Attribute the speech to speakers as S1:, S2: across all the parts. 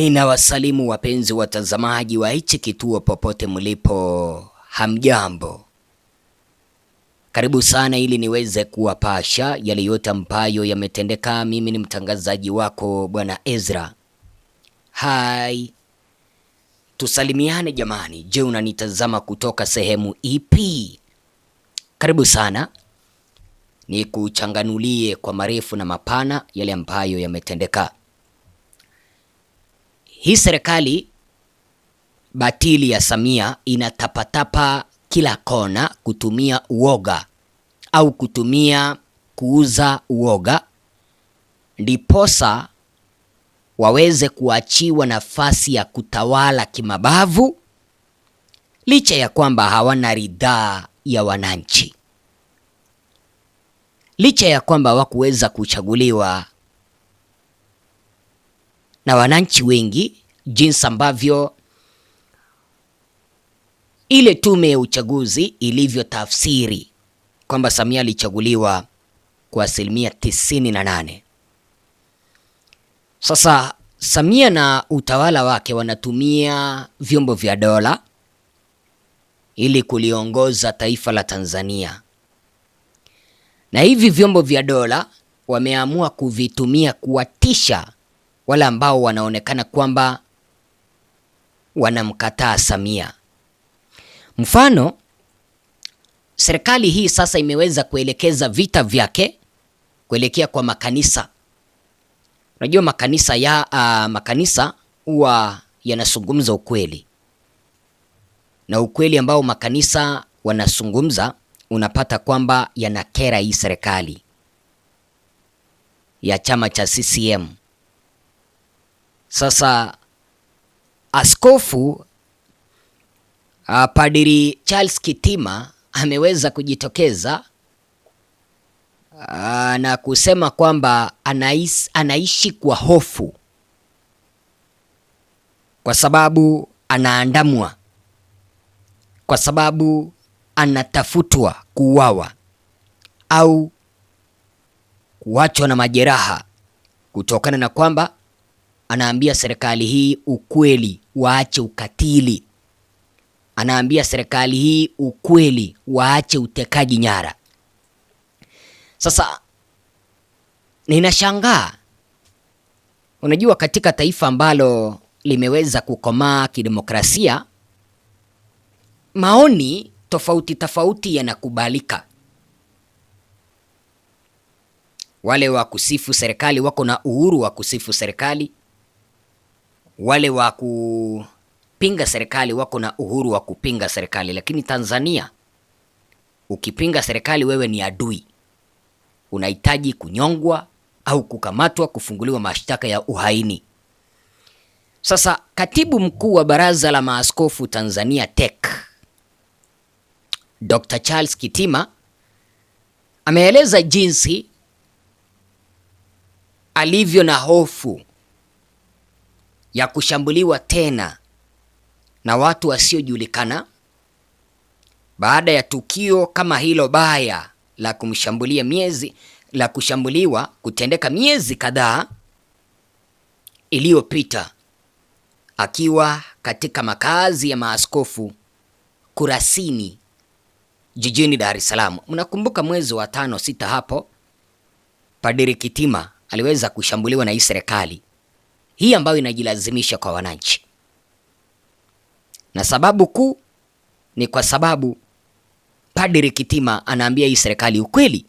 S1: Ninawasalimu wapenzi watazamaji wa hichi kituo popote mlipo, hamjambo? Karibu sana ili niweze kuwapasha yale yote ambayo yametendeka. Mimi ni mtangazaji wako Bwana Ezra. Hai, tusalimiane jamani. Je, unanitazama kutoka sehemu ipi? Karibu sana nikuchanganulie kwa marefu na mapana yale ambayo yametendeka. Hii serikali batili ya Samia inatapatapa kila kona kutumia uoga au kutumia kuuza uoga, ndiposa waweze kuachiwa nafasi ya kutawala kimabavu, licha ya kwamba hawana ridhaa ya wananchi, licha ya kwamba wakuweza kuchaguliwa na wananchi wengi jinsi ambavyo ile tume ya uchaguzi ilivyo tafsiri kwamba Samia alichaguliwa kwa asilimia tisini na nane. Sasa Samia na utawala wake wanatumia vyombo vya dola ili kuliongoza taifa la Tanzania, na hivi vyombo vya dola wameamua kuvitumia kuwatisha wale ambao wanaonekana kwamba wanamkataa Samia. Mfano, serikali hii sasa imeweza kuelekeza vita vyake kuelekea kwa makanisa. Unajua makanisa ya uh, makanisa huwa yanazungumza ukweli, na ukweli ambao makanisa wanazungumza unapata kwamba yanakera hii serikali ya chama cha CCM sasa askofu uh, Padiri Charles Kitima ameweza kujitokeza uh, na kusema kwamba anais, anaishi kwa hofu kwa sababu anaandamwa, kwa sababu anatafutwa kuuawa au kuachwa na majeraha kutokana na kwamba Anaambia serikali hii ukweli, waache ukatili. Anaambia serikali hii ukweli, waache utekaji nyara. Sasa ninashangaa, unajua, katika taifa ambalo limeweza kukomaa kidemokrasia, maoni tofauti tofauti yanakubalika. Wale wa kusifu serikali wako na uhuru wa kusifu serikali, wale wa kupinga serikali wako na uhuru wa kupinga serikali, lakini Tanzania ukipinga serikali wewe ni adui, unahitaji kunyongwa au kukamatwa, kufunguliwa mashtaka ya uhaini. Sasa katibu mkuu wa baraza la maaskofu Tanzania TEC Dr. Charles Kitima ameeleza jinsi alivyo na hofu ya kushambuliwa tena na watu wasiojulikana baada ya tukio kama hilo baya la kumshambulia miezi la kushambuliwa kutendeka miezi kadhaa iliyopita akiwa katika makazi ya maaskofu Kurasini jijini Dar es Salaam. Mnakumbuka mwezi wa tano sita hapo Padri Kitima aliweza kushambuliwa na hii serikali hii ambayo inajilazimisha kwa wananchi, na sababu kuu ni kwa sababu Padri Kitima anaambia hii serikali ukweli.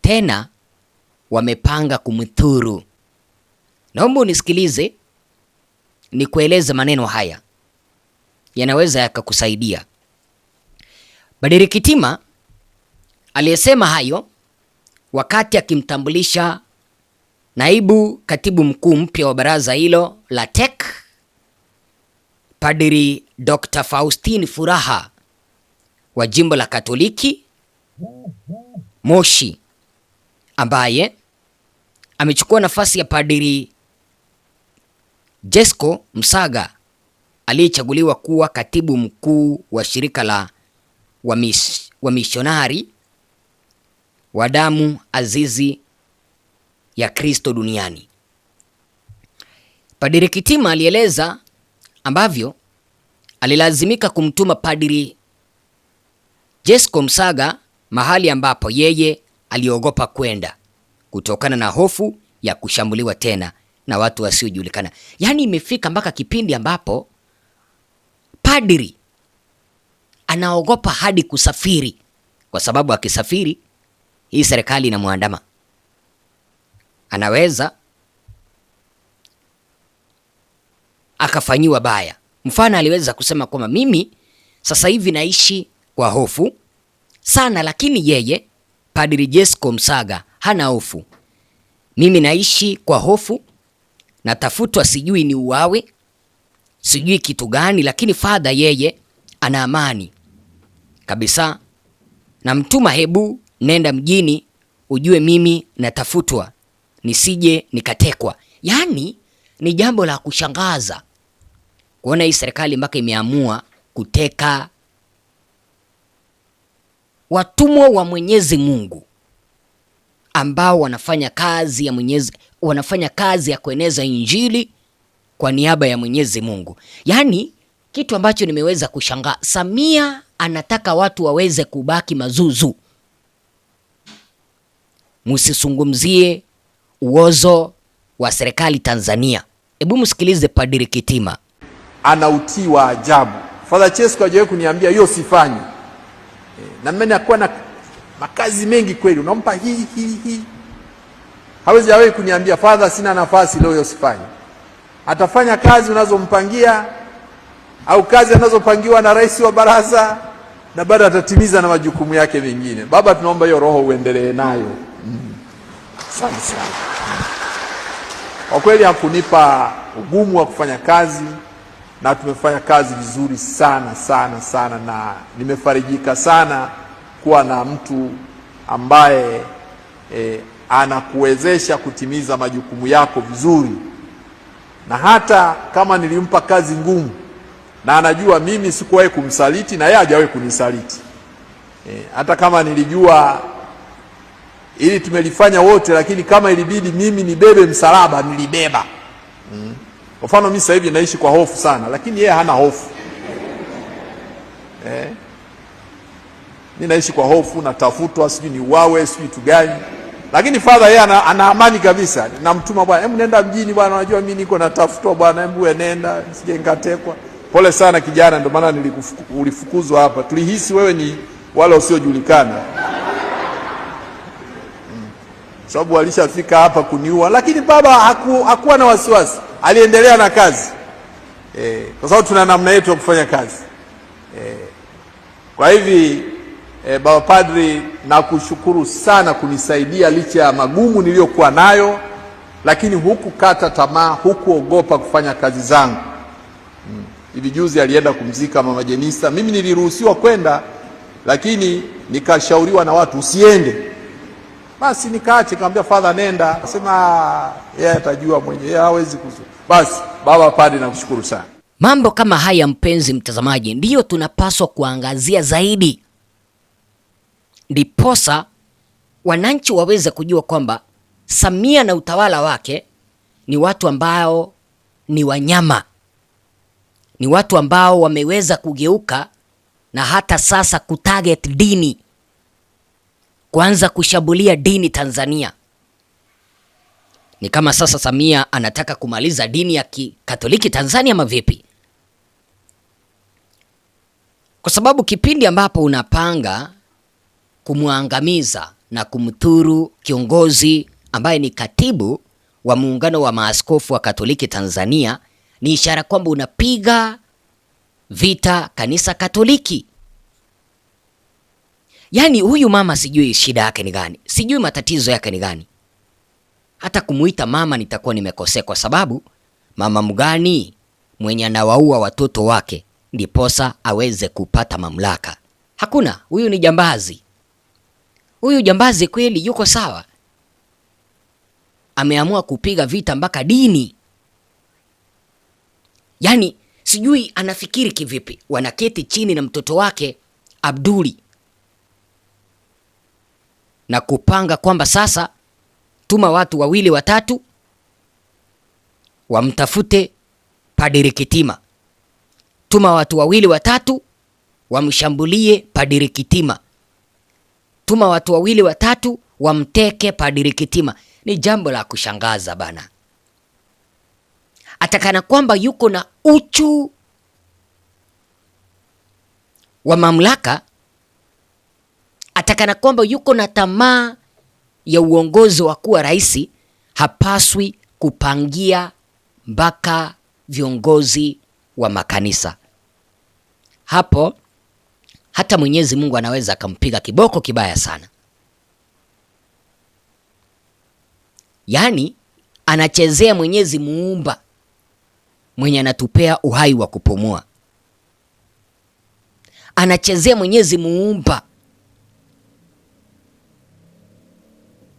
S1: Tena wamepanga kumthuru. Naomba unisikilize, kueleze maneno haya yanaweza yakakusaidia. Badiri Kitima aliyesema hayo wakati akimtambulisha Naibu katibu mkuu mpya wa baraza hilo la TEC Padri Dr. Faustin Furaha wa jimbo la Katoliki Moshi ambaye amechukua nafasi ya Padri Jesco Msaga aliyechaguliwa kuwa katibu mkuu wa shirika la wamisionari wa damu azizi ya Kristo duniani. Padri Kitima alieleza ambavyo alilazimika kumtuma Padri Jesco Msaga mahali ambapo yeye aliogopa kwenda kutokana na hofu ya kushambuliwa tena na watu wasiojulikana. Yaani imefika mpaka kipindi ambapo padri anaogopa hadi kusafiri, kwa sababu akisafiri hii serikali inamwandama anaweza akafanyiwa baya. Mfano, aliweza kusema kwamba mimi sasa hivi naishi kwa hofu sana, lakini yeye Padri Jesco Msaga hana hofu. Mimi naishi kwa hofu, natafutwa, sijui ni uawe, sijui kitu gani, lakini fadha yeye ana amani kabisa. Namtuma, hebu nenda mjini ujue mimi natafutwa nisije nikatekwa. Yaani ni jambo la kushangaza kuona hii serikali mpaka imeamua kuteka watumwa wa Mwenyezi Mungu ambao wanafanya kazi ya Mwenyezi, wanafanya kazi ya kueneza Injili kwa niaba ya Mwenyezi Mungu. Yaani kitu ambacho nimeweza kushangaa, Samia anataka watu waweze kubaki mazuzu. Musizungumzie uozo wa serikali Tanzania. Hebu msikilize Padiri Kitima,
S2: ana utii wa ajabu. Father Chesko hajawahi kuniambia hiyo sifanyi. E, na mimi nakuwa na makazi mengi kweli, unampa hii hii hii, hawezi hawahi kuniambia Father, sina nafasi leo, hiyo sifanyi. Atafanya kazi unazompangia au kazi anazopangiwa na rais wa baraza, na bado atatimiza na majukumu yake mengine. Baba, tunaomba hiyo roho uendelee nayo mm sana sana. Kwa kweli hakunipa ugumu wa kufanya kazi na tumefanya kazi vizuri sana sana sana, na nimefarijika sana kuwa na mtu ambaye e, anakuwezesha kutimiza majukumu yako vizuri, na hata kama nilimpa kazi ngumu, na anajua mimi sikuwahi kumsaliti na yeye hajawahi kunisaliti e, hata kama nilijua ili tumelifanya wote, lakini kama ilibidi mimi nibebe msalaba nilibeba. Kwa mfano mimi sasa hivi naishi kwa hofu sana, lakini yeye hana hofu eh? Mimi naishi kwa hofu, natafutwa, sijui ni wawe, sijui kitu gani, lakini father yeye ana, ana amani kabisa. Namtuma bwana, hebu nenda mjini bwana, unajua mimi niko natafutwa bwana, hebu wewe nenda, sije ngatekwa. Pole sana kijana, ndio maana ulifukuzwa hapa, tulihisi wewe ni wale wasiojulikana sababu alishafika hapa kuniua, lakini baba haku, hakuwa na wasiwasi, aliendelea na kazi e, kwa sababu tuna namna yetu ya kufanya kazi e, kwa hivi e, baba padri, nakushukuru sana kunisaidia licha ya magumu niliyokuwa nayo, lakini hukukata tamaa, hukuogopa kufanya kazi zangu. Mm, hivi juzi alienda kumzika mama Jenista, mimi niliruhusiwa kwenda, lakini nikashauriwa na watu usiende basi nikaache nikamwambia, father, nenda. Akasema ah, yeye atajua mwenyewe, hawezi kuzu. Basi baba padi, nakushukuru sana.
S1: Mambo kama haya, mpenzi mtazamaji, ndiyo tunapaswa kuangazia zaidi, ndiposa wananchi waweze kujua kwamba Samia na utawala wake ni watu ambao ni wanyama, ni watu ambao wameweza kugeuka na hata sasa kutarget dini kuanza kushambulia dini Tanzania. Ni kama sasa Samia anataka kumaliza dini ya Kikatoliki Tanzania mavipi? Kwa sababu kipindi ambapo unapanga kumwangamiza na kumthuru kiongozi ambaye ni katibu wa muungano wa maaskofu wa Katoliki Tanzania, ni ishara kwamba unapiga vita kanisa Katoliki. Yaani huyu mama sijui shida yake ni gani, sijui matatizo yake ni gani. Hata kumuita mama nitakuwa nimekosea, kwa sababu mama mgani mwenye anawaua watoto wake ndiposa aweze kupata mamlaka? Hakuna, huyu ni jambazi. Huyu jambazi kweli yuko sawa? Ameamua kupiga vita mpaka dini. Yaani sijui anafikiri kivipi. Wanaketi chini na mtoto wake Abduli na kupanga kwamba sasa tuma watu wawili watatu wamtafute Padiri Kitima, tuma watu wawili watatu wamshambulie Padiri Kitima, tuma watu wawili watatu wamteke Padiri Kitima. Ni jambo la kushangaza bana, atakana kwamba yuko na uchu wa mamlaka atakana kwamba yuko na tamaa ya uongozi wa kuwa rais, hapaswi kupangia mpaka viongozi wa makanisa. Hapo hata Mwenyezi Mungu anaweza akampiga kiboko kibaya sana. Yaani anachezea Mwenyezi Muumba mwenye anatupea uhai wa kupumua, anachezea Mwenyezi Muumba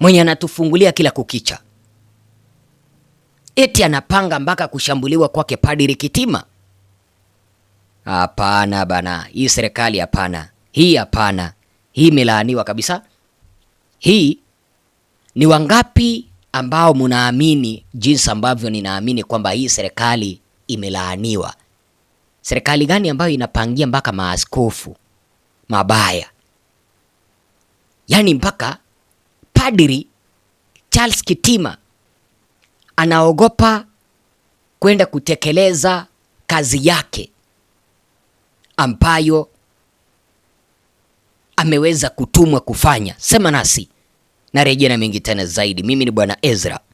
S1: mwenye anatufungulia kila kukicha, eti anapanga mpaka kushambuliwa kwake padiri Kitima. Hapana bana, hii serikali hapana, hii hapana, hii imelaaniwa kabisa. Hii ni wangapi ambao munaamini jinsi ambavyo ninaamini kwamba hii serikali imelaaniwa? Serikali gani ambayo inapangia mpaka maaskofu mabaya, yaani mpaka padri Charles Kitima anaogopa kwenda kutekeleza kazi yake ambayo ameweza kutumwa kufanya. Sema nasi na rejea na mengi tena zaidi. Mimi ni Bwana Ezra